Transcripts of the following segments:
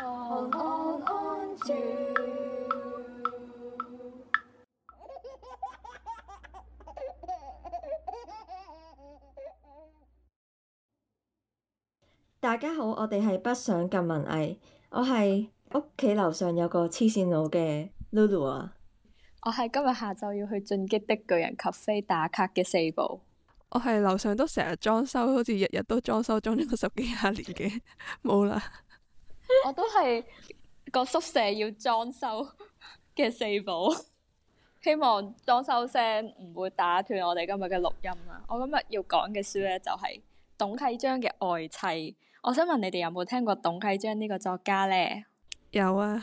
All, all, on, 大家好，我哋係不想咁文藝。我係屋企樓上有個黐線佬嘅 Lulu 啊。我係今日下晝要去進擊的巨人咖啡打卡嘅四寶。我係樓上都成日裝修，好似日日都裝修，裝修咗十幾廿年嘅，冇 啦。我都係個宿舍要裝修嘅四寶，希望裝修聲唔會打斷我哋今日嘅錄音啦。我今日要講嘅書呢，就係董啟章嘅《愛妻》。我想問你哋有冇聽過董啟章呢個作家呢？有啊！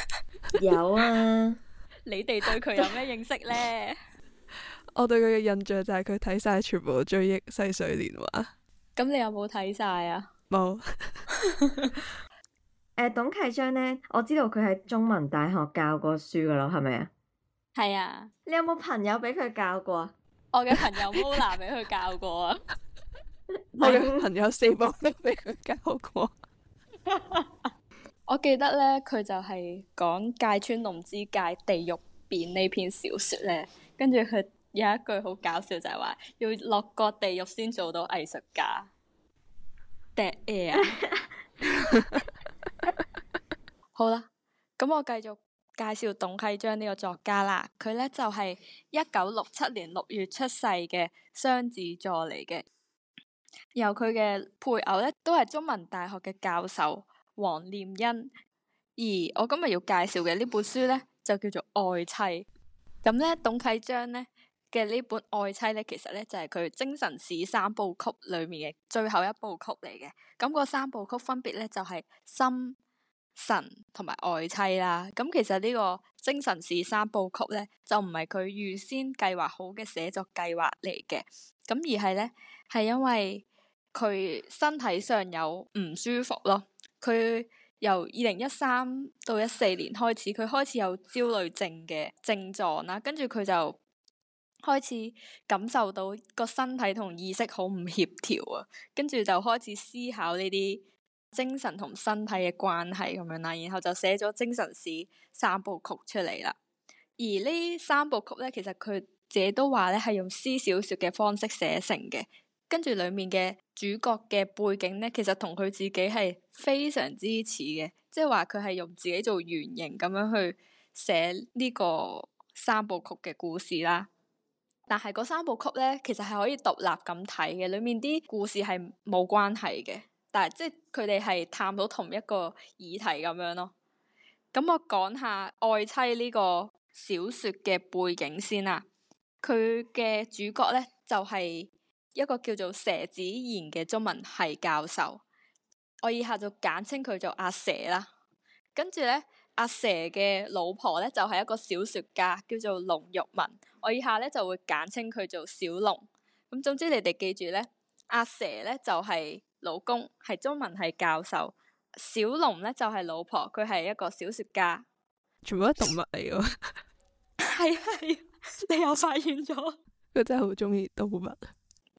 有啊！ 你哋對佢有咩認識呢？ 我對佢嘅印象就係佢睇晒全部追憶《似水年華》。咁你有冇睇晒啊？冇。Uh, 董啟章呢，我知道佢喺中文大學教過書噶咯，係咪啊？係啊，你有冇朋友俾佢教過？我嘅朋友 Mula 俾佢教過啊， 我嘅朋友四寶都俾佢教過。 我記得呢，佢就係講芥川龍之介《地獄變》呢篇小說呢，跟住佢有一句好搞笑，就，就係話要落個地獄先做到藝術家。 好啦，咁我繼續介紹董啟章呢個作家啦。佢咧就係一九六七年六月出世嘅雙子座嚟嘅。由佢嘅配偶咧都係中文大學嘅教授黃念欣。而我今日要介紹嘅呢本書咧就叫做《愛妻》。咁咧，董啟章咧嘅呢本《愛妻》咧，其實咧就係、是、佢《精神史三部曲》裏面嘅最後一部曲嚟嘅。咁、那個三部曲分別咧就係、是、心、神同埋愛妻啦，咁其實呢、這個精神史三部曲咧，就唔係佢預先計劃好嘅寫作計劃嚟嘅，咁而係咧係因為佢身體上有唔舒服咯。佢由二零一三到一四年開始，佢開始有焦慮症嘅症狀啦，跟住佢就開始感受到個身體同意識好唔協調啊，跟住就開始思考呢啲。精神同身體嘅關係咁樣啦，然後就寫咗《精神史》三部曲出嚟啦。而呢三部曲咧，其實佢自己都話咧係用私小説嘅方式寫成嘅，跟住裡面嘅主角嘅背景咧，其實同佢自己係非常之似嘅，即係話佢係用自己做原型咁樣去寫呢個三部曲嘅故事啦。但係嗰三部曲咧，其實係可以獨立咁睇嘅，裡面啲故事係冇關係嘅。即係佢哋係探到同一個議題咁樣咯。咁我講下《愛妻》呢個小説嘅背景先啦。佢嘅主角呢，就係一個叫做蛇子言嘅中文系教授，我以下就簡稱佢做阿蛇啦。跟住呢，阿蛇嘅老婆呢，就係一個小説家，叫做龍玉文，我以下呢，就會簡稱佢做小龍。咁總之，你哋記住呢，阿蛇呢，就係。老公係中文係教授，小龍咧就係、是、老婆，佢係一個小說家。全部都動物嚟噶。係係，你又發現咗？佢真係好中意動物。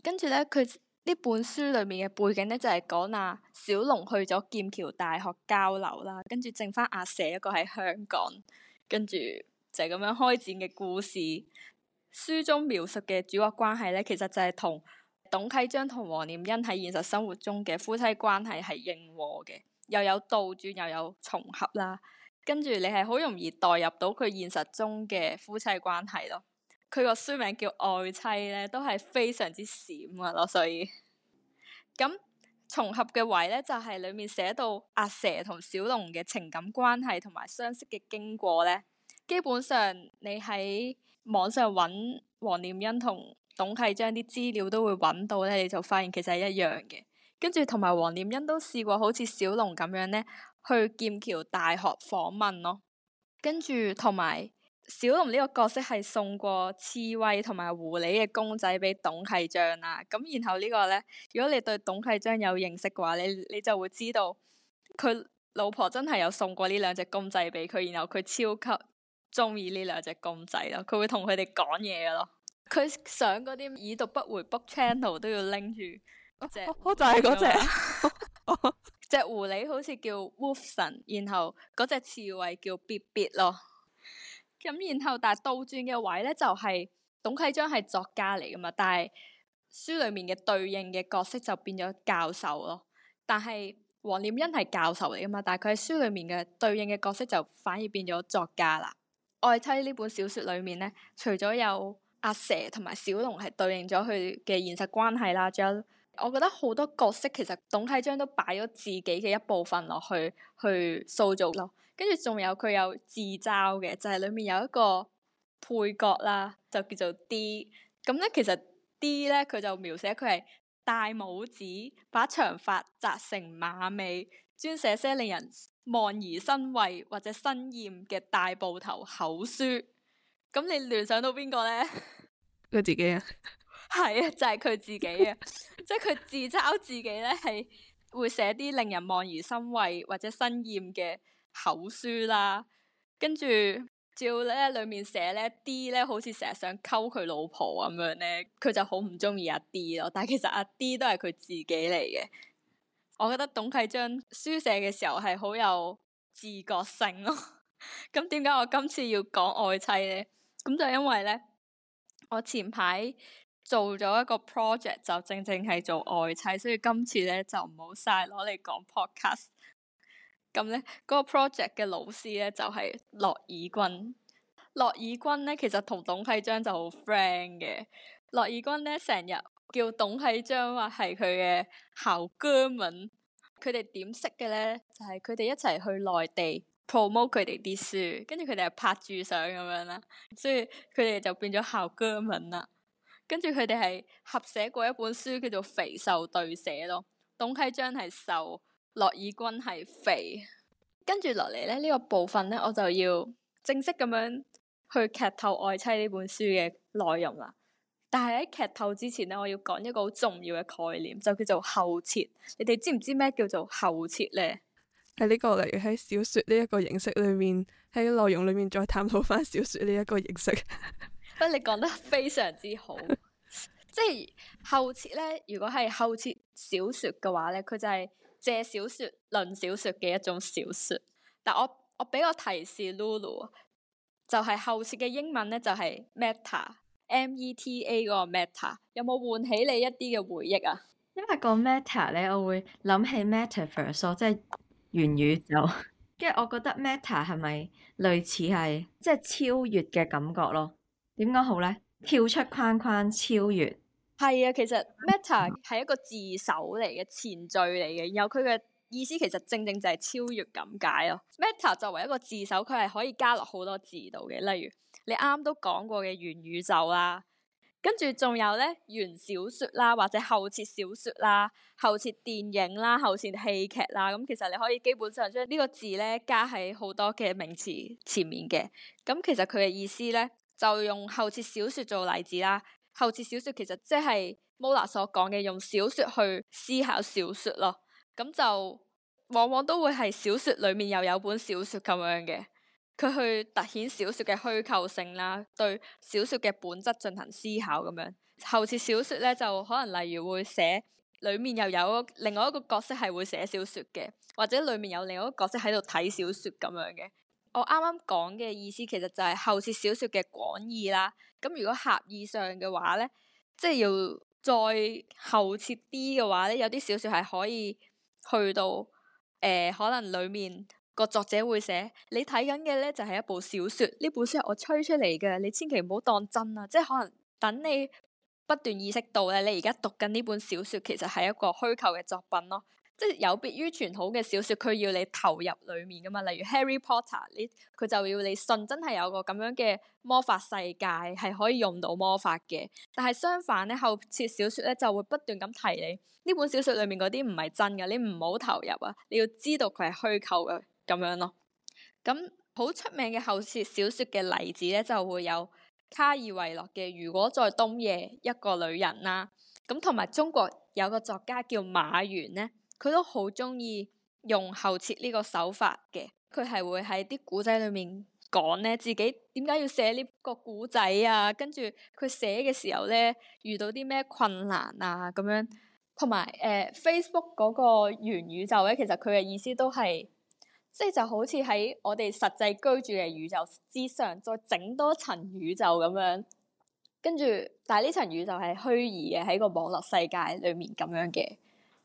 跟住咧，佢呢本書裏面嘅背景咧就係、是、講啊小龍去咗劍橋大學交流啦，跟住剩返阿蛇一個喺香港，跟住就係咁樣開展嘅故事。書中描述嘅主角關係咧，其實就係同。董啟章同黃念欣喺現實生活中嘅夫妻關係係應和嘅，又有倒轉，又有重合啦。跟住你係好容易代入到佢現實中嘅夫妻關係咯。佢個書名叫《愛妻》咧，都係非常之閃噶咯。所以咁 重合嘅位咧，就係裏面寫到阿蛇同小龍嘅情感關係同埋相識嘅經過咧。基本上你喺網上揾黃念欣同。董啟章啲資料都會揾到咧，你就發現其實係一樣嘅。跟住同埋黃念欣都試過好似小龍咁樣咧，去劍橋大學訪問咯。跟住同埋小龍呢個角色係送過刺蝟同埋狐狸嘅公仔俾董啟章啊。咁然後個呢個咧，如果你對董啟章有認識嘅話，你你就會知道佢老婆真係有送過呢兩隻公仔俾佢，然後佢超級鍾意呢兩隻公仔咯。佢會同佢哋講嘢噶咯。佢上嗰啲已讀不回 book channel 都要拎住嗰隻，就係嗰隻隻狐狸，好似叫 Wolfson，然後嗰隻刺蝟叫 b i b i 咯。咁、嗯、然後但係倒轉嘅位咧、就是，就係 董啟章係作家嚟噶嘛，但係書裏面嘅對應嘅角色就變咗教授咯。但係黃念欣係教授嚟噶嘛，但係佢喺書裏面嘅對應嘅角色就反而變咗作家啦。《愛妻》呢本小說裏面咧，除咗有。阿蛇同埋小龍係對應咗佢嘅現實關係啦，仲有我覺得好多角色其實董啟章都擺咗自己嘅一部分落去去塑造咯，跟住仲有佢有自嘲嘅，就係、是、裡面有一個配角啦，就叫做 D。咁咧其實 D 咧佢就描寫佢係戴帽子，把長髮紮成馬尾，專寫些令人望而生畏或者生厭嘅大部頭口書。咁你聯想到邊個咧？佢自己啊，係 啊，就係、是、佢自己啊， 即係佢自嘲自己咧，係會寫啲令人望而生畏或者心厭嘅口書啦。跟住照咧，裡面寫咧啲咧，好似成日想溝佢老婆咁樣咧，佢就好唔中意阿 D 咯。但係其實阿 D 都係佢自己嚟嘅。我覺得董啟章書寫嘅時候係好有自覺性咯。咁點解我今次要講愛妻咧？咁就因為咧，我前排做咗一個 project，就正正係做外砌，所以今次咧就唔好晒攞嚟講 podcast。咁咧，嗰個 project 嘅老師咧就係駱以軍。駱以軍咧其實同董啟章就好 friend 嘅。駱以軍咧成日叫董啟章話係佢嘅校哥文，佢哋點識嘅咧？就係佢哋一齊去內地。promo t e 佢哋啲書，跟住佢哋係拍住相咁樣啦，所以佢哋就變咗校歌文啦。跟住佢哋係合寫過一本書叫做《肥瘦對寫》咯，董希章係瘦，洛爾君係肥。跟住落嚟咧，呢、這個部分咧，我就要正式咁樣去劇透《愛妻》呢本書嘅內容啦。但係喺劇透之前咧，我要講一個好重要嘅概念，就叫做後切。你哋知唔知咩叫做後切咧？喺呢、這個例如喺小說呢一個形式裏面，喺內容裏面再探討翻小說呢一個形式。不， 你講得非常之好。 即係後設咧，如果係後設小說嘅話咧，佢就係借小說論小說嘅一種小說。但我我俾個提示，Lulu 就係後設嘅英文咧，就係、是、meta，M-E-T-A、e、嗰個 meta。有冇喚起你一啲嘅回憶啊？因為個 meta 咧，我會諗起 metaverse 咯，即係。元宇宙，跟住我覺得 Meta 係咪類似係即係超越嘅感覺咯？點講好咧？跳出框框超越。係啊，其實 Meta 係一個字首嚟嘅前綴嚟嘅，然後佢嘅意思其實正正就係超越咁解咯。Meta 作為一個字首，佢係可以加落好多字度嘅，例如你啱都講過嘅元宇宙啦、啊。跟住仲有咧，元小說啦，或者後設小說啦，後設電影啦，後設戲劇啦，咁其實你可以基本上將呢個字咧加喺好多嘅名詞前面嘅。咁其實佢嘅意思咧，就用後設小說做例子啦。後設小說其實即係 Mola 所講嘅，用小說去思考小說咯。咁就往往都會係小說裡面又有本小說咁樣嘅。佢去突顯小説嘅虛構性啦，對小説嘅本質進行思考咁樣。後設小説咧就可能例如會寫，裡面又有另外一個角色係會寫小説嘅，或者裡面有另外一個角色喺度睇小説咁樣嘅。我啱啱講嘅意思其實就係後設小説嘅廣義啦。咁如果狹義上嘅話咧，即係要再後設啲嘅話咧，有啲小説係可以去到誒可能裡面。個作者會寫你睇緊嘅咧，就係一部小説。呢本書係我吹出嚟嘅，你千祈唔好當真啊！即係可能等你不斷意識到咧，你而家讀緊呢本小説其實係一個虛構嘅作品咯。即係有別於傳統嘅小説，佢要你投入裡面噶嘛。例如 Harry Potter 呢，佢就要你信真係有個咁樣嘅魔法世界係可以用到魔法嘅。但係相反咧，後設小説咧就會不斷咁提你呢本小説裏面嗰啲唔係真嘅，你唔好投入啊！你要知道佢係虛構嘅。咁樣咯，咁好出名嘅後設小説嘅例子咧，就會有卡爾維諾嘅《如果在冬夜，一個女人》啦、啊。咁同埋中國有個作家叫馬原咧，佢都好中意用後設呢個手法嘅。佢係會喺啲古仔裏面講咧，自己點解要寫呢個古仔啊？跟住佢寫嘅時候咧，遇到啲咩困難啊？咁樣同埋誒 Facebook 嗰個元宇宙咧，其實佢嘅意思都係。即係就好似喺我哋實際居住嘅宇宙之上，再整多層宇宙咁樣，跟住但係呢層宇宙係虛擬嘅，喺個網絡世界裏面咁樣嘅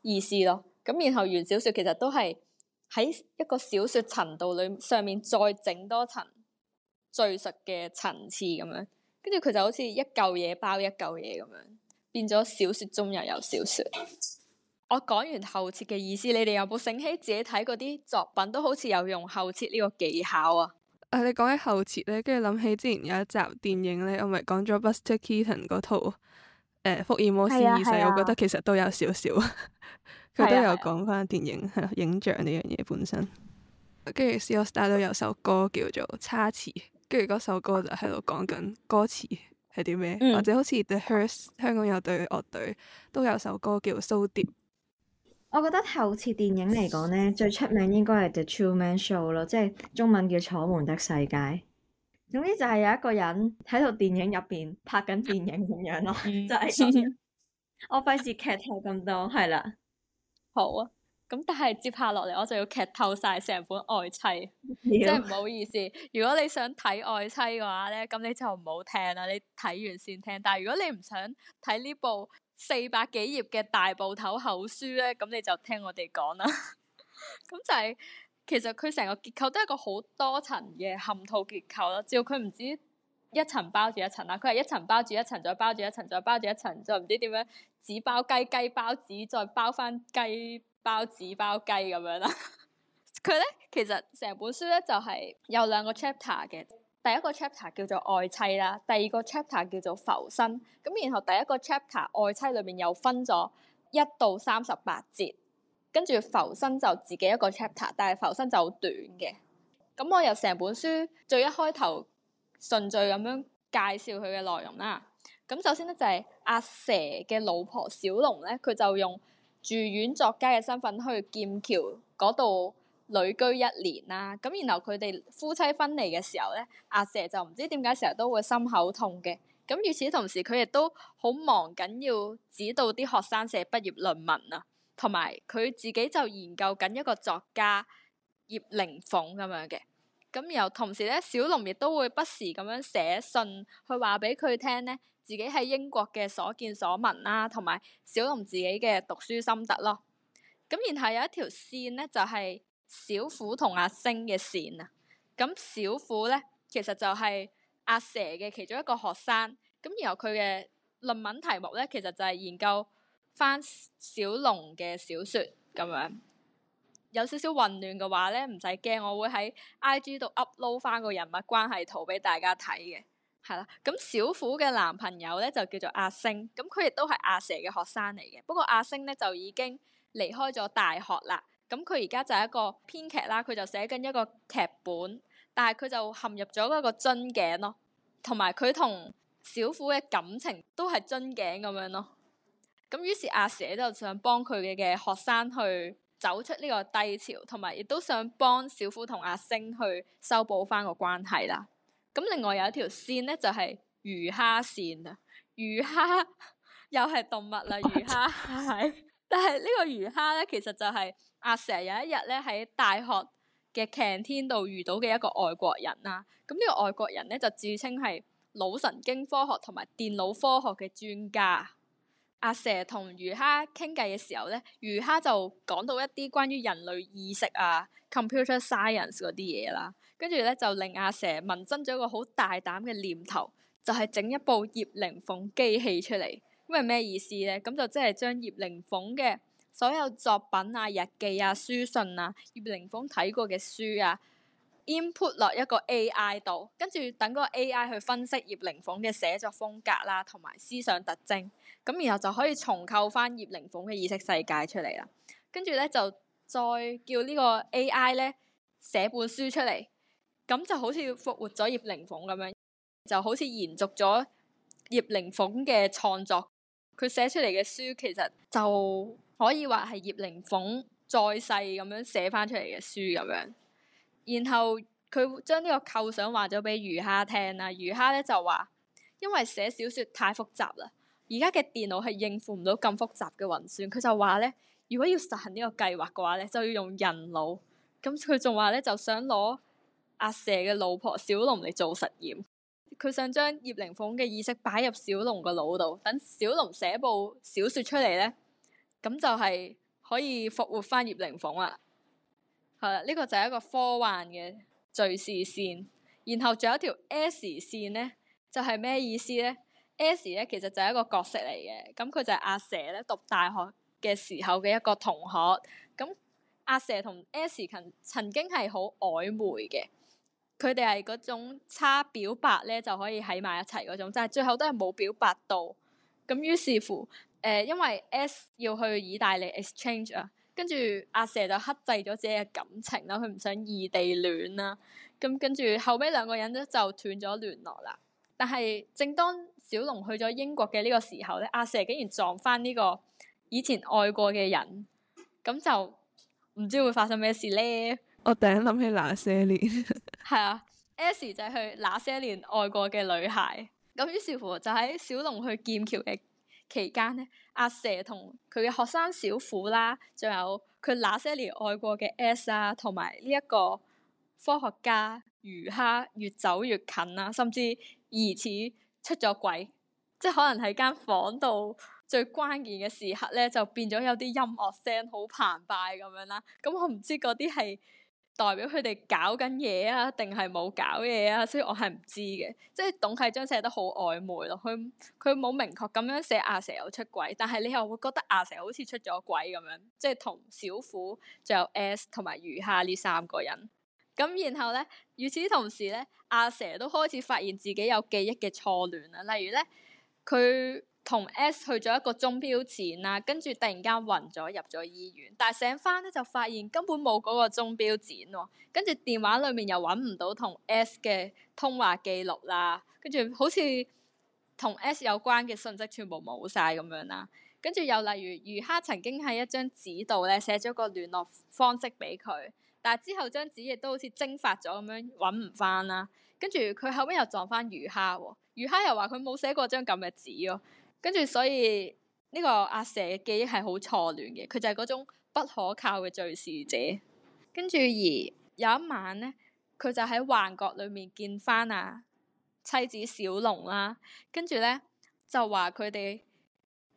意思咯。咁然後原小説其實都係喺一個小説層度裏上面再整多層敘述嘅層次咁樣，跟住佢就好似一嚿嘢包一嚿嘢咁樣，變咗小説中又有，有小説。我講完後設嘅意思，你哋有冇醒起自己睇嗰啲作品都好似有用後設呢個技巧啊？誒、啊，你講起後設咧，跟住諗起之前有一集電影咧，我咪講咗 Buster Keaton 嗰套、呃、福爾摩斯二世，啊啊、我覺得其實都有少少，佢 都有講翻電影係、啊啊、影像呢樣嘢本身。跟住，C AllStar 都有首歌叫做叉詞，跟住嗰首歌就喺度講緊歌詞係啲咩，或者好似 The Hears 香港有隊樂隊都有首歌叫 So Deep。我覺得後設電影嚟講咧，最出名應該係《The Truman Show》咯，即係中文叫《楚門的世界》。總之就係有一個人喺套電影入邊拍緊電影咁樣咯， 就係我費事劇透咁多，係啦。好啊，咁但係接下落嚟我就要劇透晒成本愛妻，真係唔好意思。如果你想睇愛妻嘅話咧，咁你就唔好聽啦，你睇完先聽。但係如果你唔想睇呢部，四百幾頁嘅大部頭厚書咧，咁你就聽我哋講啦。咁 就係、是、其實佢成個結構都係一個好多層嘅嵌套結構咯，只要佢唔知一層包住一層啦，佢係一層包住一層，再包住一層，再包住一層，再唔知點樣紙包雞雞包紙，再包翻雞包紙包雞咁樣啦。佢 咧其實成本書咧就係、是、有兩個 chapter 嘅。第一個 chapter 叫做愛妻啦，第二個 chapter 叫做浮生，咁然後第一個 chapter 愛妻裏面又分咗一到三十八節，跟住浮生就自己一個 chapter，但係浮生就好短嘅。咁我由成本書最一開頭順序咁樣介紹佢嘅內容啦。咁首先咧就係阿蛇嘅老婆小龍咧，佢就用住院作家嘅身份去劍橋嗰度。旅居一年啦，咁然後佢哋夫妻分離嘅時候咧，阿蛇就唔知點解成日都會心口痛嘅。咁與此同時，佢亦都好忙緊，要指導啲學生寫畢業論文啊，同埋佢自己就研究緊一個作家葉靈鳳咁樣嘅。咁然後同時咧，小龍亦都會不時咁樣寫信去話俾佢聽咧，自己喺英國嘅所見所聞啦，同埋小龍自己嘅讀書心得咯。咁然後有一條線咧，就係，就係。小虎同阿星嘅線啊，咁小虎咧，其實就係阿蛇嘅其中一個學生，咁然後佢嘅論文題目咧，其實就係研究翻小龍嘅小說咁樣。有少少混亂嘅話咧，唔使驚，我會喺 IG 度 upload 翻個人物關係圖俾大家睇嘅，係啦。咁小虎嘅男朋友咧就叫做阿星，咁佢亦都係阿蛇嘅學生嚟嘅，不過阿星咧就已經離開咗大學啦。咁佢而家就係一個編劇啦，佢就寫緊一個劇本，但係佢就陷入咗嗰個樽頸咯，同埋佢同小虎嘅感情都係樽頸咁樣咯。咁於是阿蛇就想幫佢嘅學生去走出呢個低潮，同埋亦都想幫小虎同阿星去修補翻個關係啦。咁另外有一條線呢，就係魚蝦線啊，魚蝦又係動物啦， 魚蝦係。 但係呢、這個魚蝦咧，其實就係、是、阿蛇有一日咧喺大學嘅 canteen 度遇到嘅一個外國人啦。咁、這、呢個外國人咧就自稱係腦神經科學同埋電腦科學嘅專家。阿蛇同魚蝦傾偈嘅時候咧，魚蝦就講到一啲關於人類意識啊、computer science 嗰啲嘢啦。跟住咧就令阿蛇萌生咗一個好大膽嘅念頭，就係、是、整一部葉靈鳳機器出嚟。咁係咩意思咧？咁就即係將葉靈鳳嘅所有作品啊、日記啊、書信啊、葉靈鳳睇過嘅書啊，input 落一個 AI 度，跟住等嗰個 AI 去分析葉靈鳳嘅寫作風格啦、啊，同埋思想特徵，咁然後就可以重構翻葉靈鳳嘅意識世界出嚟啦。跟住咧就再叫呢個 AI 咧寫本書出嚟，咁就好似復活咗葉靈鳳咁樣，就好似延續咗葉靈鳳嘅創作。佢寫出嚟嘅書，其實就可以話係葉靈鳳再世咁樣寫翻出嚟嘅書咁樣。然後佢將呢個構想話咗俾魚蝦聽啦，魚蝦咧就話，因為寫小說太複雜啦，而家嘅電腦係應付唔到咁複雜嘅運算，佢就話咧，如果要實行呢個計劃嘅話咧，就要用人腦。咁佢仲話咧，就想攞阿蛇嘅老婆小龍嚟做實驗。佢想將葉靈鳳嘅意識擺入小龍個腦度，等小龍寫部小説出嚟咧，咁就係可以復活翻葉靈鳳啦。係、嗯、啦，呢、這個就係一個科幻嘅敘事線。然後仲有一條 S 線咧，就係、是、咩意思咧？S 咧其實就係一個角色嚟嘅，咁佢就係阿蛇咧讀大學嘅時候嘅一個同學。咁、嗯、阿蛇同 S 曾曾經係好曖昧嘅。佢哋係嗰種差表白咧就可以喺埋一齊嗰種，但係最後都係冇表白到。咁於是乎，誒、呃，因為 S 要去意大利 exchange 啊，跟住阿蛇就克制咗自己嘅感情啦，佢唔想異地戀啦、啊。咁跟住後尾，兩個人咧就斷咗聯絡啦。但係，正當小龍去咗英國嘅呢個時候咧，阿蛇竟然撞返呢個以前愛過嘅人，咁就唔知會發生咩事咧。我突然諗起那些年、 啊，係啊，S 就係佢那些年愛過嘅女孩。咁於是乎，就喺小龍去劍橋嘅期間咧，阿蛇同佢嘅學生小虎啦，仲有佢那些年愛過嘅 S 啊，同埋呢一個科學家魚蝦越走越近啦，甚至疑似出咗軌，即係可能喺間房度最關鍵嘅時刻咧，就變咗有啲音樂聲好澎湃咁樣啦。咁我唔知嗰啲係。代表佢哋搞緊嘢啊？定係冇搞嘢啊？所以我係唔知嘅，即係董啟章寫得好曖昧咯。佢佢冇明確咁樣寫阿蛇有出軌，但係你又會覺得阿蛇好似出咗軌咁樣，即係同小虎、仲有 S 同埋余夏呢三個人。咁然後咧，與此同時咧，阿蛇都開始發現自己有記憶嘅錯亂啦。例如咧，佢。同 S, S 去咗一個鐘表展啦，跟住突然間暈咗入咗醫院，但醒翻咧就發現根本冇嗰個鐘表展喎，跟住電話裡面又揾唔到同 S 嘅通話記錄啦，跟住好似同 S 有關嘅信息全部冇晒咁樣啦。跟住又例如魚蝦曾經喺一張紙度咧寫咗個聯絡方式俾佢，但係之後張紙亦都好似蒸發咗咁樣揾唔翻啦。跟住佢後尾又撞翻魚蝦喎，魚蝦又話佢冇寫過張咁嘅紙咯。跟住所以呢個阿蛇嘅記憶係好錯亂嘅，佢就係嗰種不可靠嘅敍事者。跟住而有一晚咧，佢就喺幻覺裏面見翻啊妻子小龍啦、啊。跟住咧就話佢哋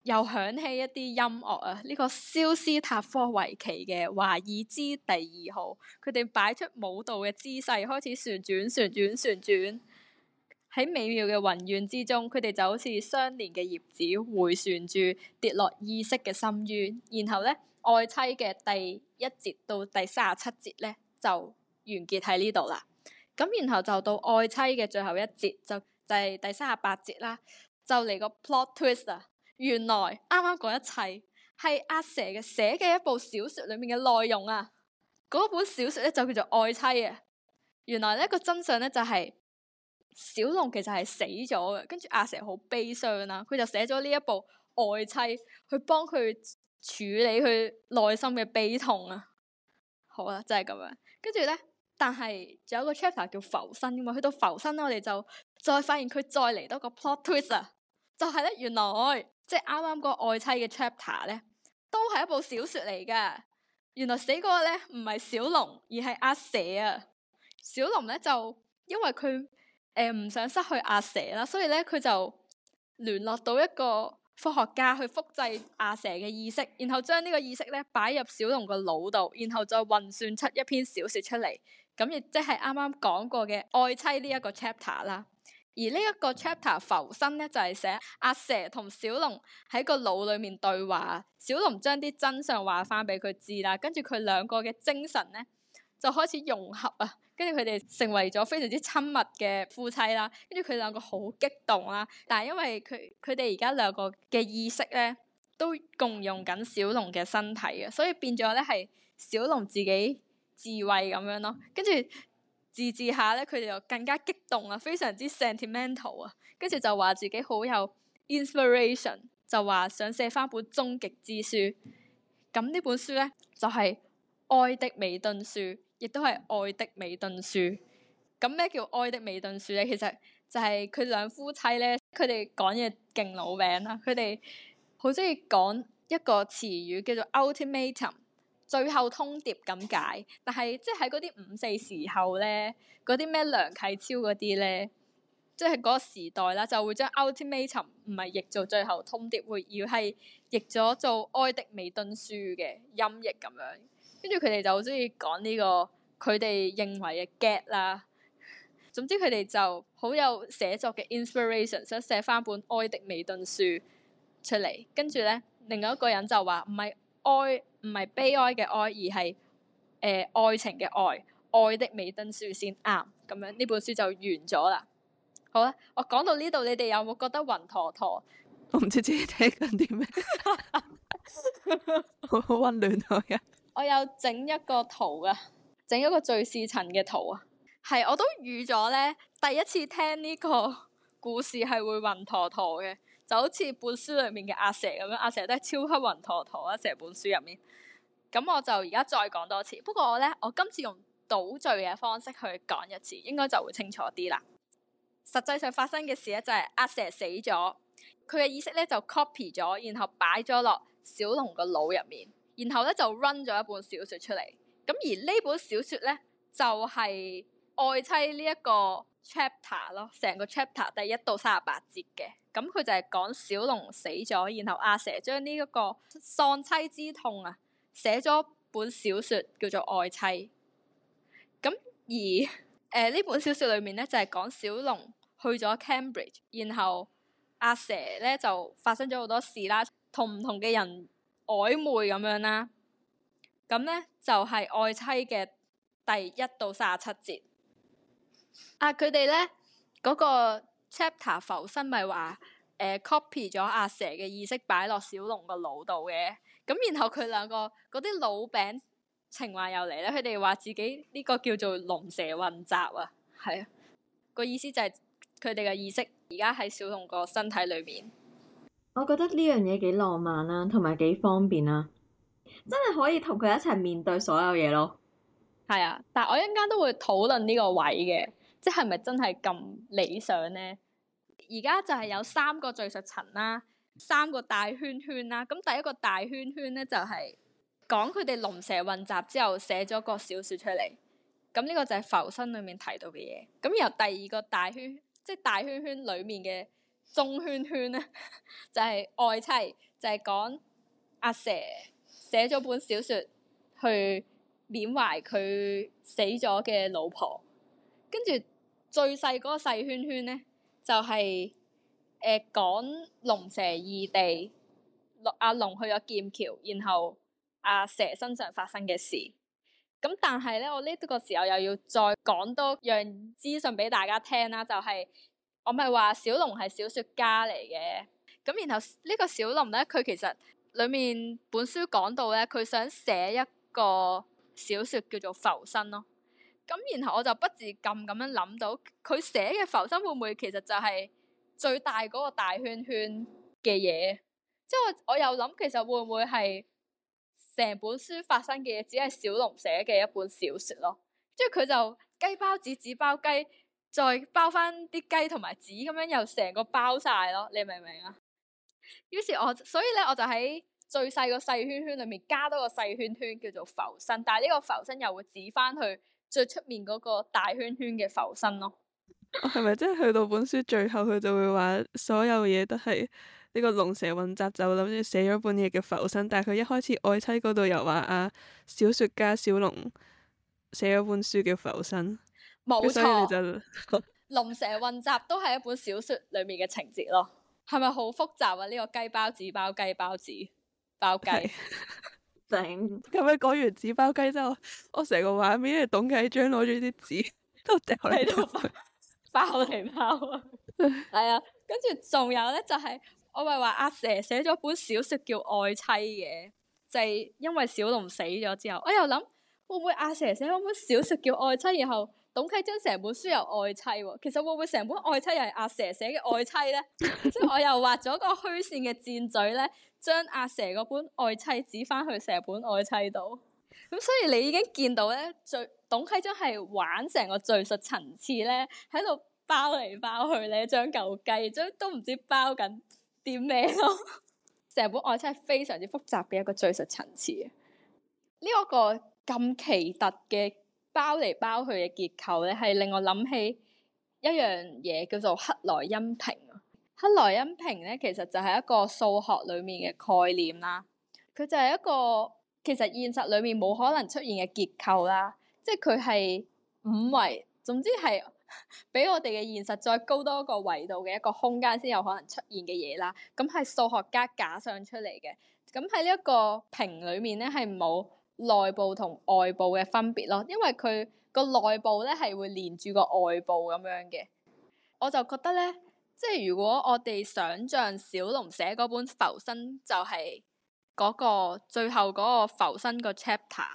又響起一啲音樂啊，呢個肖斯塔科維奇嘅《華爾茲第二號》，佢哋擺出舞蹈嘅姿勢，開始旋轉、旋轉、旋轉。喺美妙嘅雲怨之中，佢哋就好似相連嘅葉子，迴旋住跌落意識嘅深淵。然後咧，愛妻嘅第一節到第三十七節咧就完結喺呢度啦。咁然後就到愛妻嘅最後一節，就就係第三十八節啦。就嚟個 plot twist 啦，原來啱啱嗰一切係阿蛇嘅寫嘅一部小説裏面嘅內容啊。嗰本小説咧就叫做愛妻啊。原來咧個真相咧就係……小龍其實係死咗嘅，跟住阿蛇好悲傷啦，佢就寫咗呢一部愛妻去幫佢處理佢內心嘅悲痛啊。好啊，真係咁樣，跟住咧，但係仲有個 chapter 叫浮生嘅嘛，去到浮生咧，我哋就再發現佢再嚟多個 plot twist 啊，就係咧，原來即係啱啱嗰個愛妻嘅 chapter 咧都係一部小說嚟噶，原來死嗰個咧唔係小龍而係阿蛇啊，小龍咧就因為佢。誒唔想失去阿蛇啦，所以咧佢就聯絡到一個科學家去複製阿蛇嘅意識，然後將呢個意識咧擺入小龍個腦度，然後再運算出一篇小說出嚟。咁亦即係啱啱講過嘅愛妻呢一個 chapter 啦。而呢一個 chapter 浮身咧就係寫阿蛇同小龍喺個腦裏面對話，小龍將啲真相話翻俾佢知啦，跟住佢兩個嘅精神咧，就開始融合啊，跟住佢哋成為咗非常之親密嘅夫妻啦。跟住佢哋兩個好激動啦，但係因為佢佢哋而家兩個嘅意識咧都共用緊小龍嘅身體啊，所以變咗咧係小龍自己自慰咁樣咯。跟住自慰下咧，佢哋又更加激動啊，非常之 sentimental 啊。跟住就話自己好有 inspiration，就話想寫翻本終極之書。咁呢本書咧就係、是《愛的美敦書》。亦都係《愛的美敦書》。咁咩叫《愛的美敦書》咧？其實就係佢兩夫妻咧，佢哋講嘢勁老餅啦。佢哋好中意講一個詞語叫做 ultimatum、um，最後通牒咁解。但係即係喺嗰啲五四時候咧，嗰啲咩梁啟超嗰啲咧，即係嗰個時代啦，就會將 ultimatum 唔、um、係譯做最後通牒，會要係譯咗做《愛的美敦書》嘅音譯咁樣。跟住佢哋就好中意講呢個佢哋認為嘅 get 啦，總之佢哋就好有寫作嘅 inspiration，想以寫翻本《愛的美敦書》出嚟。跟住咧，另外一個人就話唔係愛，唔係悲哀嘅愛，而係誒、呃、愛情嘅愛，《愛的美敦書》先啱咁樣。呢本書就完咗啦。好啦，我講到呢度，你哋有冇覺得暈陀陀？我唔知自己睇緊啲咩，好溫暖啊！我有整一個圖啊，整一個敘事層嘅圖啊。係，我都預咗咧。第一次聽呢個故事係會暈陀陀嘅，就好似本書裡面嘅阿蛇咁樣，阿蛇都係超級暈陀陀啊。成本書入面，咁我就而家再講多次。不過我咧，我今次用倒敘嘅方式去講一次，應該就會清楚啲啦。實際上發生嘅事咧、就是，就係阿蛇死咗，佢嘅意識咧就 copy 咗，然後擺咗落小龍個腦入面。然後咧就 run 咗一本小説出嚟，咁而呢本小説咧就係、是《愛妻》呢一個 chapter 咯，成個 chapter 第一到三十八節嘅，咁、嗯、佢就係講小龍死咗，然後阿蛇將呢一個喪妻之痛啊，寫咗本小説叫做《愛妻》嗯。咁而誒呢、呃、本小説裏面咧就係、是、講小龍去咗 Cambridge，然後阿蛇咧就發生咗好多事啦，同唔同嘅人。曖昧咁樣啦，咁呢就係、是、愛妻嘅第一到卅七節。啊，佢哋呢嗰、那個 chapter 浮生咪話、呃、copy 咗阿蛇嘅意識擺落小龍個腦度嘅，咁然後佢兩個嗰啲老餅情話又嚟呢，佢哋話自己呢個叫做龍蛇混雜啊，係啊，個意思就係佢哋嘅意識而家喺小龍個身體裏面。我覺得呢樣嘢幾浪漫啦、啊，同埋幾方便啦、啊，真係可以同佢一齊面對所有嘢咯。係啊，但係我一間都會討論呢個位嘅，即係咪真係咁理想呢？而家就係有三個敍述層啦，三個大圈圈啦、啊。咁第一個大圈圈咧就係、是、講佢哋龍蛇混雜之後寫咗個小說出嚟。咁呢個就係浮生裡面提到嘅嘢。咁由第二個大圈，即、就、係、是、大圈圈裡面嘅。中圈圈咧，就係、是、愛妻，就係、是、講阿蛇寫咗本小說去緬懷佢死咗嘅老婆，跟住最細嗰個細圈圈咧，就係誒講龍蛇異地，龍阿龍去咗劍橋，然後阿蛇身上發生嘅事。咁但係咧，我呢個時候又要再講多樣資訊俾大家聽啦，就係、是。我咪係話小龍係小説家嚟嘅，咁然後呢個小龍咧，佢其實裏面本書講到咧，佢想寫一個小説叫做浮生咯。咁然後我就不自禁咁樣諗到，佢寫嘅浮生會唔會其實就係最大嗰個大圈圈嘅嘢？即係我，我又諗，其實會唔會係成本書發生嘅嘢，只係小龍寫嘅一本小説咯？即係佢就雞包紙，紙包雞。再包翻啲雞同埋紙咁樣，又成個包晒咯，你明唔明啊？於是我，我所以咧，我就喺最細個細圈圈裏面加多個細圈圈，叫做浮身。但係呢個浮身又會指翻去最出面嗰個大圈圈嘅浮身咯。係咪即係去到本書最後，佢就會話所有嘢都係呢個龍蛇混雜？就諗住寫咗本嘢叫浮身，但係佢一開始愛妻嗰度又話啊，小說家小龍寫咗本書叫浮身。冇錯，龍蛇混雜都係一本小說裏面嘅情節咯，係咪好複雜啊？呢、這個雞包紙包雞包紙包雞，正咁 樣講完紙包雞之後，我成個畫面董啟章攞咗啲紙都掉喺度包嚟來包啊、 就是，啊！係啊，跟住仲有咧就係我咪話阿蛇寫咗本小說叫愛妻嘅，就係、是、因為小龍死咗之後，我又諗會唔會阿蛇寫咗本小說叫愛妻，然後。董啟章成本書由愛妻、哦，其實會唔會成本愛妻又係阿蛇寫嘅愛妻咧？ 即係我又畫咗個虛線嘅箭嘴咧，將阿蛇嗰本愛妻指翻去成本愛妻度。咁所以你已經見到咧，最董啟章係玩成個敘述層次咧，喺度包嚟包去咧，將舊雞將都唔知包緊啲咩咯。成 本愛妻係非常之複雜嘅一個敘述層次，呢、這、一個咁奇特嘅。包嚟包去嘅結構咧，係令我諗起一樣嘢叫做克萊因瓶。克萊因瓶咧，其實就係一個數學裡面嘅概念啦。佢就係一個其實現實裡面冇可能出現嘅結構啦，即係佢係五維，總之係比我哋嘅現實再高多一個維度嘅一個空間先有可能出現嘅嘢啦。咁係數學家假想出嚟嘅。咁喺呢一個瓶裡面咧，係冇內部同外部嘅分別咯，因為佢個內部咧，係會連住個外部咁樣嘅，我就覺得咧，即係如果我哋想象小龍寫嗰本浮生就係、是、嗰個最後嗰個浮生個 chapter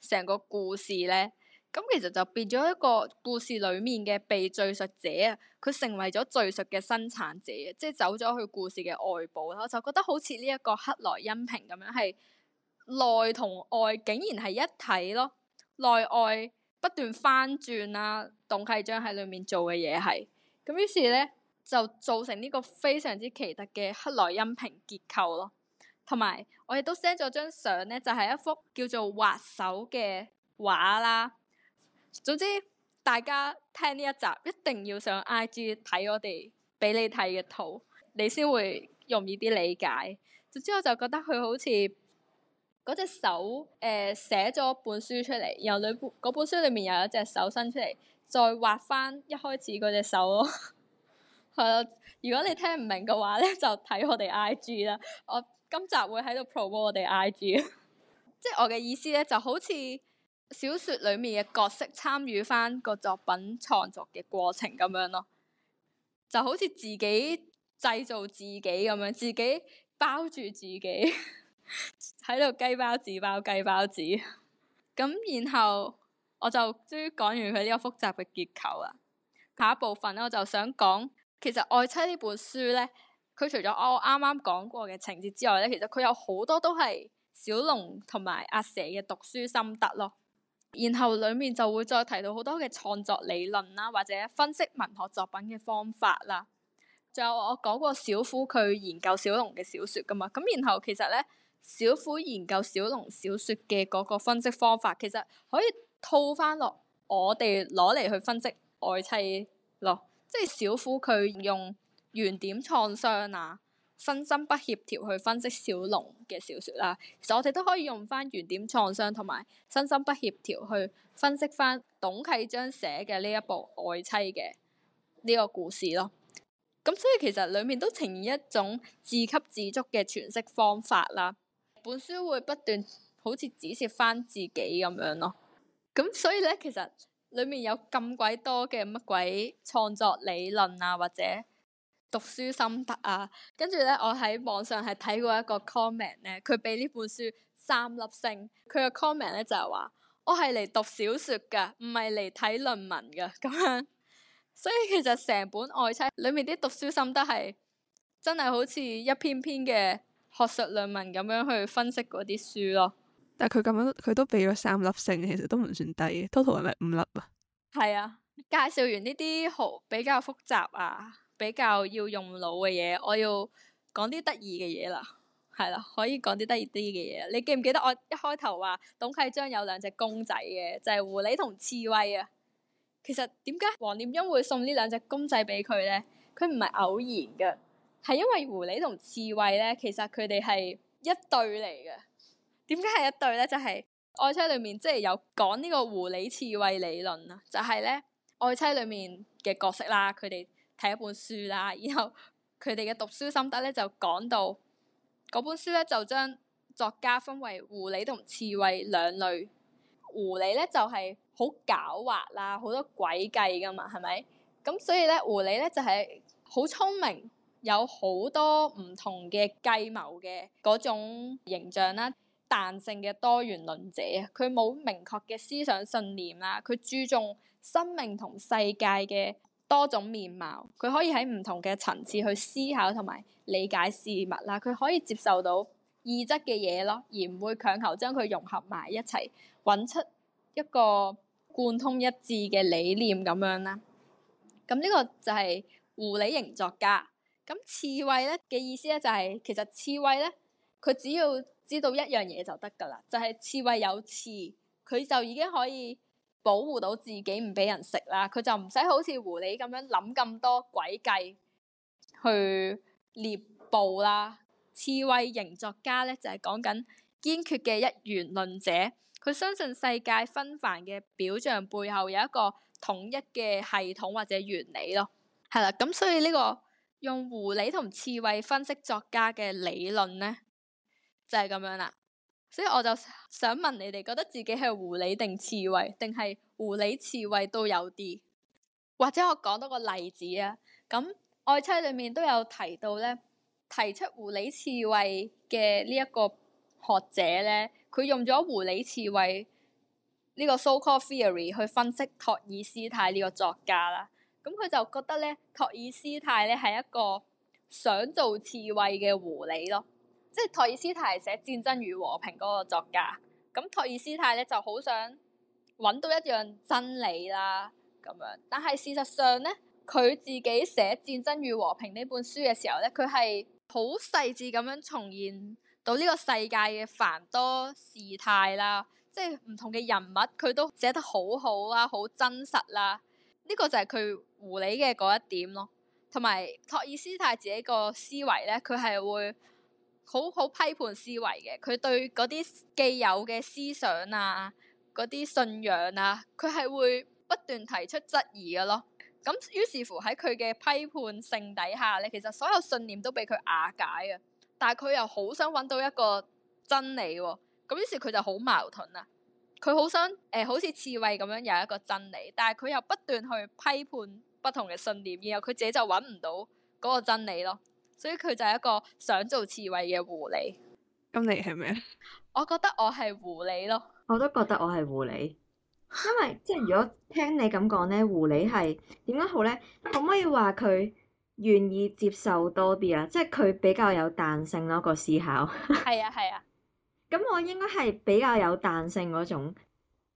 成個故事咧，咁其實就變咗一個故事裡面嘅被敘述者啊，佢成為咗敘述嘅生產者，即係走咗去故事嘅外部啦，我就覺得好似呢一個克萊恩瓶咁樣係。內同外竟然係一體咯，內外不斷翻轉啊。董啟章喺裏面做嘅嘢係咁，於是咧就造成呢個非常之奇特嘅克萊恩瓶結構咯。同埋我亦都 send 咗張相咧，就係、是、一幅叫做《畫手》嘅畫啦。總之大家聽呢一集一定要上 I G 睇我哋俾你睇嘅圖，你先會容易啲理解。總之我就覺得佢好似。嗰隻手，誒、呃、寫咗本書出嚟，由裏部本書裏面又有一隻手伸出嚟，再畫翻一開始嗰隻手咯。係咯，如果你聽唔明嘅話咧，就睇我哋 I G 啦。我今集會喺度 promo 我哋 I G，即係我嘅意思咧，就好似小説裏面嘅角色參與翻個作品創作嘅過程咁樣咯，就好似自己製造自己咁樣，自己包住自己。 喺度雞包紙包雞包紙，咁 然後我就終於講完佢呢個複雜嘅結構啦。下一部分咧，我就想講，其實《愛妻》呢本書咧，佢除咗我啱啱講過嘅情節之外咧，其實佢有好多都係小龍同埋阿蛇嘅讀書心得咯。然後裏面就會再提到好多嘅創作理論啦，或者分析文學作品嘅方法啦。就我講過小虎佢研究小龍嘅小說㗎嘛，咁然後其實咧。小虎研究小龍小說嘅嗰個分析方法，其實可以套翻落我哋攞嚟去分析愛妻咯，即係小虎佢用原點創傷啊，身心不協調去分析小龍嘅小說啦。其實我哋都可以用翻原點創傷同埋身心不協調去分析翻董啟章寫嘅呢一部愛妻嘅呢個故事咯。咁所以其實裏面都呈現一種自給自足嘅詮釋方法啦。本書會不斷好似指涉翻自己咁樣咯，咁所以咧其實裏面有咁鬼多嘅乜鬼創作理論啊，或者讀書心得啊，跟住咧我喺網上係睇過一個 comment 咧，佢俾呢本書三粒星，佢嘅 comment 咧就係話：我係嚟讀小説㗎，唔係嚟睇論文㗎咁樣。所以其實成本愛妻裏面啲讀書心得係真係好似一篇篇嘅。學術論文咁樣去分析嗰啲書咯，但係佢咁樣佢都俾咗三粒星，其實都唔算低。Total 係咪五粒啊？係啊，介紹完呢啲好比較複雜啊，比較要用腦嘅嘢，我要講啲得意嘅嘢啦，係啦，可以講啲得意啲嘅嘢。你記唔記得我一開頭話董啟章有兩隻公仔嘅，就係狐狸同刺蝟啊？其實點解黃念欣會送呢兩隻公仔俾佢咧？佢唔係偶然噶。係因為狐狸同刺蝟咧，其實佢哋係一對嚟嘅。點解係一對咧？就係愛妻裏面即係有講呢個狐狸刺蝟理論啊。就係咧，愛妻裏面嘅角色啦，佢哋睇一本書啦，然後佢哋嘅讀書心得咧就講到嗰本書咧就將作家分為狐狸同刺蝟兩類。狐狸咧就係好狡猾啦，好多詭計噶嘛，係咪？咁所以咧，狐狸咧就係好聰明。有好多唔同嘅計謀嘅嗰種形象啦，彈性嘅多元論者，佢冇明確嘅思想信念啦，佢注重生命同世界嘅多種面貌，佢可以喺唔同嘅層次去思考同埋理解事物啦，佢可以接受到異質嘅嘢咯，而唔會強求將佢融合埋一齊，揾出一個貫通一致嘅理念咁樣啦。咁呢個就係狐狸型作家。咁刺猬咧嘅意思咧就係其實刺猬咧，佢只要知道一樣嘢就得㗎啦，就係刺猬有刺，佢就已經可以保護到自己唔俾人食啦。佢就唔使好似狐狸咁樣諗咁多詭計去獵捕啦。刺猬型作家咧就係講緊堅決嘅一元論者，佢相信世界紛繁嘅表象背後有一個統一嘅系統或者原理咯。係啦，咁所以呢個。用狐狸同刺蝟分析作家嘅理論呢，就係、是、咁樣啦。所以我就想問你哋，覺得自己係狐狸定刺蝟，定係狐狸刺蝟都有啲？或者我講多個例子啊，咁《愛妻》裏面都有提到呢，提出狐狸刺蝟嘅呢一個學者呢，佢用咗狐狸刺蝟呢個 so-called theory 去分析托爾斯泰呢個作家啦。咁佢就覺得咧，托爾斯泰咧係一個想做刺蝟嘅狐狸咯，即係托爾斯泰係寫《戰爭與和平》嗰個作家。咁托爾斯泰咧就好想揾到一樣真理啦，咁樣。但係事實上咧，佢自己寫《戰爭與和平》呢本書嘅時候咧，佢係好細緻咁樣重現到呢個世界嘅繁多事態啦，即係唔同嘅人物，佢都寫得好好啦，好真實啦。呢個就係佢狐狸嘅嗰一點咯，同埋托爾斯泰自己個思維咧，佢係會好好批判思維嘅，佢對嗰啲既有嘅思想啊、嗰啲信仰啊，佢係會不斷提出質疑嘅咯。咁於是乎喺佢嘅批判性底下咧，其實所有信念都俾佢瓦解啊。但係佢又好想揾到一個真理喎、哦，咁於是佢就好矛盾啊。佢好想誒、呃，好似刺蝟咁樣有一個真理，但係佢又不斷去批判不同嘅信念，然後佢自己就揾唔到嗰個真理咯。所以佢就係一個想做刺蝟嘅狐狸。咁你係咩？我覺得我係狐狸咯。我都覺得我係狐狸，因為即係如果聽你咁講咧，狐狸係點樣好咧？可唔可以話佢願意接受多啲啊？即係佢比較有彈性咯，個思考。係 啊，係啊。咁我應該係比較有彈性嗰種，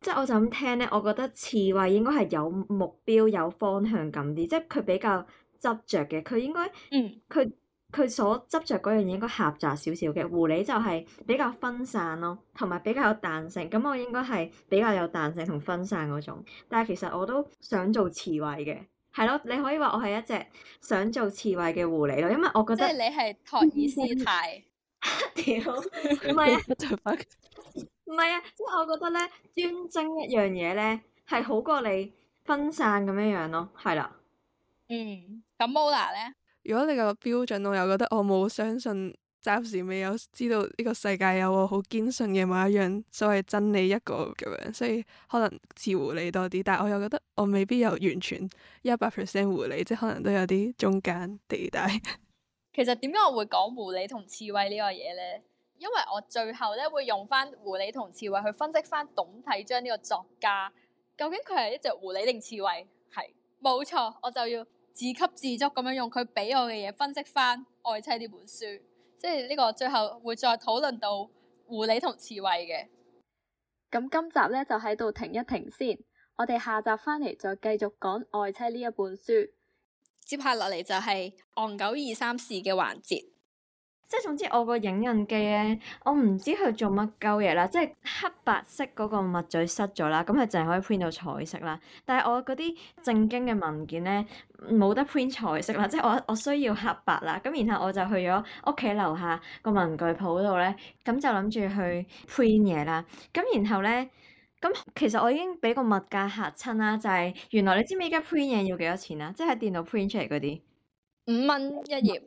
即係我就咁聽咧，我覺得刺蝟應該係有目標、有方向感啲，即係佢比較執着嘅，佢應該，嗯，佢佢所執着嗰樣嘢應該狹窄少少嘅。狐狸就係比較分散咯，同埋比較有彈性。咁我應該係比較有彈性同分散嗰種，但係其實我都想做刺蝟嘅，係咯，你可以話我係一隻想做刺蝟嘅狐狸咯，因為我覺得即係你係托爾斯泰。 屌，唔係 啊，唔係啊，即係、 啊就是，我覺得咧，專精一樣嘢咧，係好過你分散咁樣樣咯，係啦，嗯，咁 Mona 咧，如果你個標準，我又覺得我冇相信，暫時未有知道呢個世界有我好堅信嘅某一樣所謂真理一個咁樣，所以可能似狐狸多啲，但係我又覺得我未必有完全一百 percent 狐狸，即係可能都有啲中間地帶。 其實點解我會講狐狸同刺蝟呢個嘢咧？因為我最後咧會用翻狐狸同刺蝟去分析翻董啟章呢個作家，究竟佢係一隻狐狸定刺蝟？係冇錯，我就要自給自足咁樣用佢俾我嘅嘢分析翻《愛妻》呢本書，即係呢個最後會再討論到狐狸同刺蝟嘅。咁今集咧就喺度停一停先，我哋下集翻嚟再繼續講《愛妻》呢一本書。接下落嚟就係岸久二三事嘅環節，即係總之我個影印機咧，我唔知佢做乜鳩嘢啦，即係黑白色嗰個墨嘴塞咗啦，咁佢淨係可以 print 到彩色啦。但係我嗰啲正經嘅文件咧，冇得 print 彩色啦，即係我我需要黑白啦。咁然後我就去咗屋企樓下個文具鋪度咧，咁就諗住去 print 嘢啦。咁然後咧。咁其實我已經畀個物價嚇親啦，就係、是、原來你知唔知而家 print 嘢要幾多錢啊？即係喺電腦 print 出嚟嗰啲，五蚊一頁，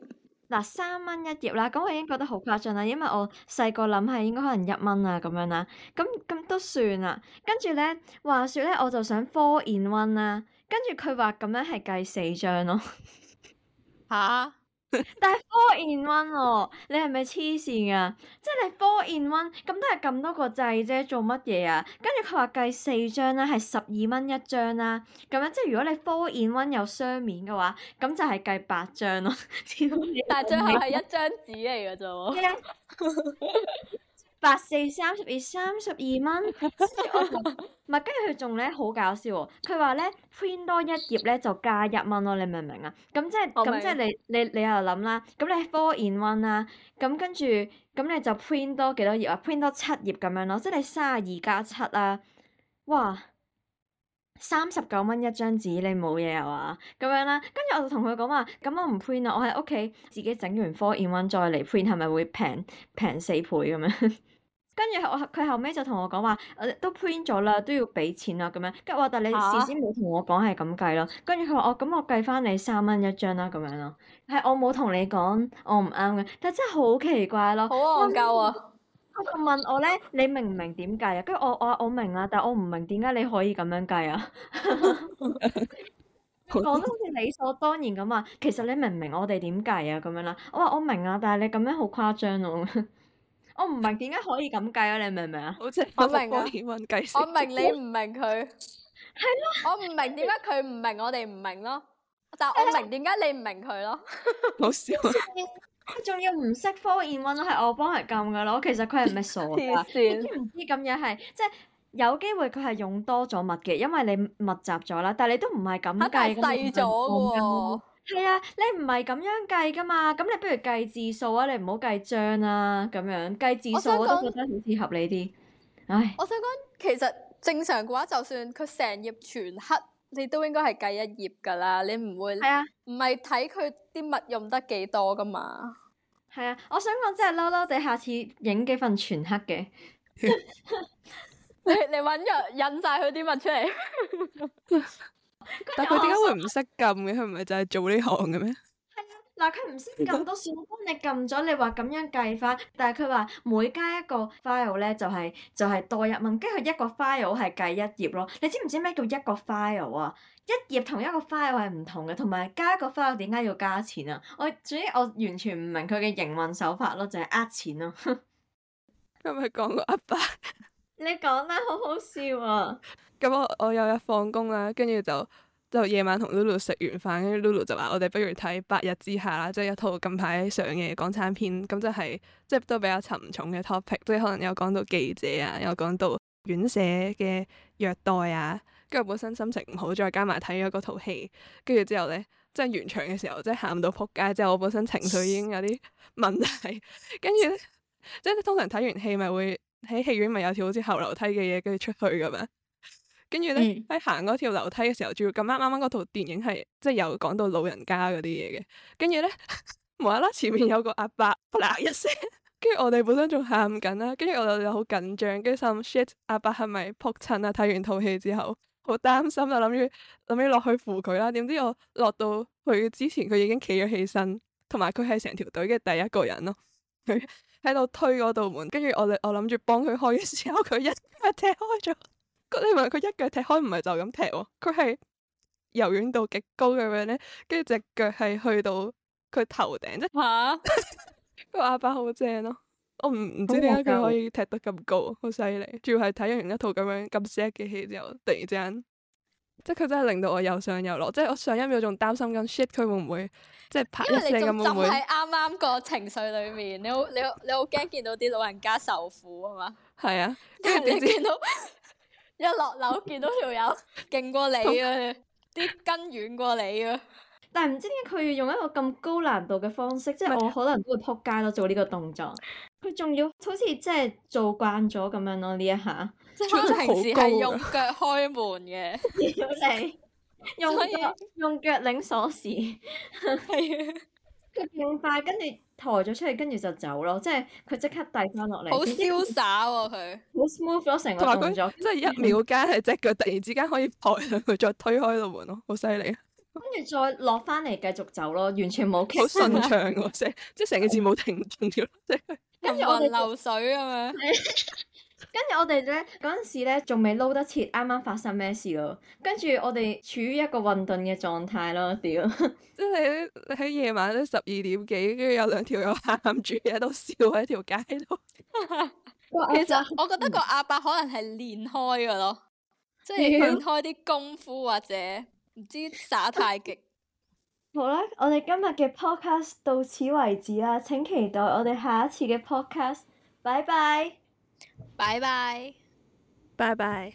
嗱三蚊一頁啦。咁我已經覺得好誇張啦，因為我細個諗係應該可能一蚊啊咁樣啦。咁咁都算啦。跟住咧，話説咧我就想 four in one 啦、啊。跟住佢話咁樣係計四張咯。嚇！ 但係 four in one 喎、哦，你係咪黐線㗎？即係你 four in one，咁都係咁多個掣啫，做乜嘢啊？跟住佢話計四張啦，係十二蚊一張啦。咁樣即係如果你 four in one 有雙面嘅話，咁就係計八張咯。 但係最後係一張紙嚟嘅啫喎。Yeah. 八四三十二三十二蚊，唔係。跟住佢仲咧好搞笑喎。佢話咧 print 多一頁咧就加一蚊咯，你明唔明啊？咁即係咁即係你你你又諗啦，咁你係 four in one 啦，咁跟住咁你就 print 多幾多頁啊？print 多七頁咁樣咯，即係你三十二加七啊，哇，三十九蚊一張紙，你冇嘢啊嘛？咁樣啦，跟住我就同佢講，話，咁我唔 print 啦，我喺屋企自己整完 four in one 再嚟 print，係咪會平平四倍咁樣？ 後後跟住我佢後尾就同我講話，誒都 print 咗啦，都要俾錢啦咁樣。跟住我話：但你事先冇同我講係咁計咯。跟住佢話：哦，咁我計翻你三蚊一張啦咁樣咯。係我冇同你講，我唔啱嘅。但真係好奇怪咯，好戇鳩啊！佢就問，問我咧：你明唔明點計啊？跟住我我我明啊，但係我唔明點解你可以咁樣計啊？講 得好似理所當然咁啊！其實你明唔明我哋點計啊？咁樣啦，我話我明啊，但係你咁樣好誇張喎。我唔明點解可以咁計啊？你明唔明啊？我明啊！我明你唔明佢，係咯 是的？ 我唔明點解佢唔明我哋唔明咯。但我明點解你唔明佢咯？冇笑佢 仲要唔識 four in one，係我幫佢撳噶咯。其實佢係咪傻啊？點 的知唔知咁樣係即係有機會佢係用多咗密嘅，因為你密集咗啦。但係你都唔係咁計細咗。係啊，你唔係咁樣計噶嘛，咁你不如計字數啊，你唔好計張啊。咁樣計字數我都覺得好似合理啲。唉，我想講，其實正常嘅話，就算佢成頁全黑，你都應該係計一頁噶啦，你唔會係啊，唔係睇佢啲墨用得幾多噶嘛。係啊，我想講即係嬲嬲哋，下次影幾份全黑嘅，你你搵入印晒佢啲墨出嚟。 但佢點解會唔識撳嘅？佢唔係就係做呢行嘅咩？係啊， 嗱，佢唔識撳都算，我幫你撳咗，你話咁樣計翻。但係佢話每加一個 file 咧、就是，就係就係多一蚊。跟住一個 file 係計一頁咯。你知唔知咩叫一個 file 啊？一頁同一個 file 係唔同嘅，同埋加一個 file 點解要加錢啊？我總之我完全唔明佢嘅營運手法咯，就係、是、呃錢咯。咁咪講個阿伯？你講啦，好好笑啊！咁我我有日放工啦，跟住就就夜晚同 Lulu 食完飯，跟住 Lulu 就話我哋不如睇《八日之下》啦，即係一套近排上嘅港產片，咁即係即係都比較沉重嘅 topic，即係可能有講到記者啊，有講到院舍嘅虐待啊，跟住本身心情唔好，再加埋睇咗嗰套戲，跟住之後咧，即係完場嘅時候，即係行到扑街，即係我本身情緒已經有啲問題， 跟住咧，即係通常睇完戲咪會。喺戲院咪有條好似後樓梯嘅嘢，跟住出去噶嘛？跟住咧，喺行嗰條樓梯嘅時候，仲要咁啱啱啱嗰套電影係即係又講到老人家嗰啲嘢嘅，跟住咧，無啦啦前面有個阿伯，扑喇 一聲，跟住我哋本身仲喊緊啦，跟住我哋就好緊張，跟住心 shit 阿伯係咪扑親啊？睇完套戲之後，好擔心就諗住諗起落去扶佢啦。點知我落到去之前，佢已經企咗起身，同埋佢係成條隊嘅第一個人咯，佢。 喺度推嗰度門，跟住我我諗住幫佢開嘅時候，佢一一腳踢開咗。你唔係佢一腳踢開，唔係就咁踢喎，佢係柔軟度極高咁樣咧。跟住隻腳係去到佢頭頂，即係吓。個 阿伯好正咯，我唔唔知點解佢可以踢得咁高，好犀利。主要係睇完一套咁樣咁 sad 嘅戲之後，突然之間。即係佢真係令到我又上又落，即係我上一秒仲擔心緊 shit，佢會唔會即係拍一聲咁會？因為你仲喺啱啱個情緒裏面， 你好你好你好驚見到啲老人家受苦啊嘛？係啊，跟住你見到 一落樓見到條友勁過你啊，啲筋軟過你啊。但係唔知點解佢要用一個咁高難度嘅方式，是即係我可能都會仆街咯，做呢個動作。佢仲要好似即係做慣咗咁樣咯、啊，呢一下。即係佢平時係用腳開門嘅，用嚟用用腳擰以鎖匙。係佢變快，跟住 抬咗出去，跟住就走咯。即係佢即刻遞翻落嚟。好瀟灑喎、啊、佢。好 smooth 咯，成個動作。即係一秒間係隻 腳突然之間可以抬上去，再推開個門咯，好犀利。跟住再落翻嚟繼續走咯，完全冇。好順暢喎，即即係成個字冇停住咯，即係。跟住我哋流水咁樣。跟住 我哋咧，嗰陣時咧仲未撈得切，啱啱發生咩事咯？跟住我哋處於一個混沌嘅狀態咯，屌！即係你喺夜晚都十二點幾，跟住有兩條友喊住喺度笑喺條街度。 其實我覺得個阿伯可能係練開噶咯，即係練開啲功夫或者。唔知耍太極 好啦！我哋今日嘅 podcast 到此為止啦，請期待我哋下一次嘅 podcast。拜拜，拜拜，拜拜。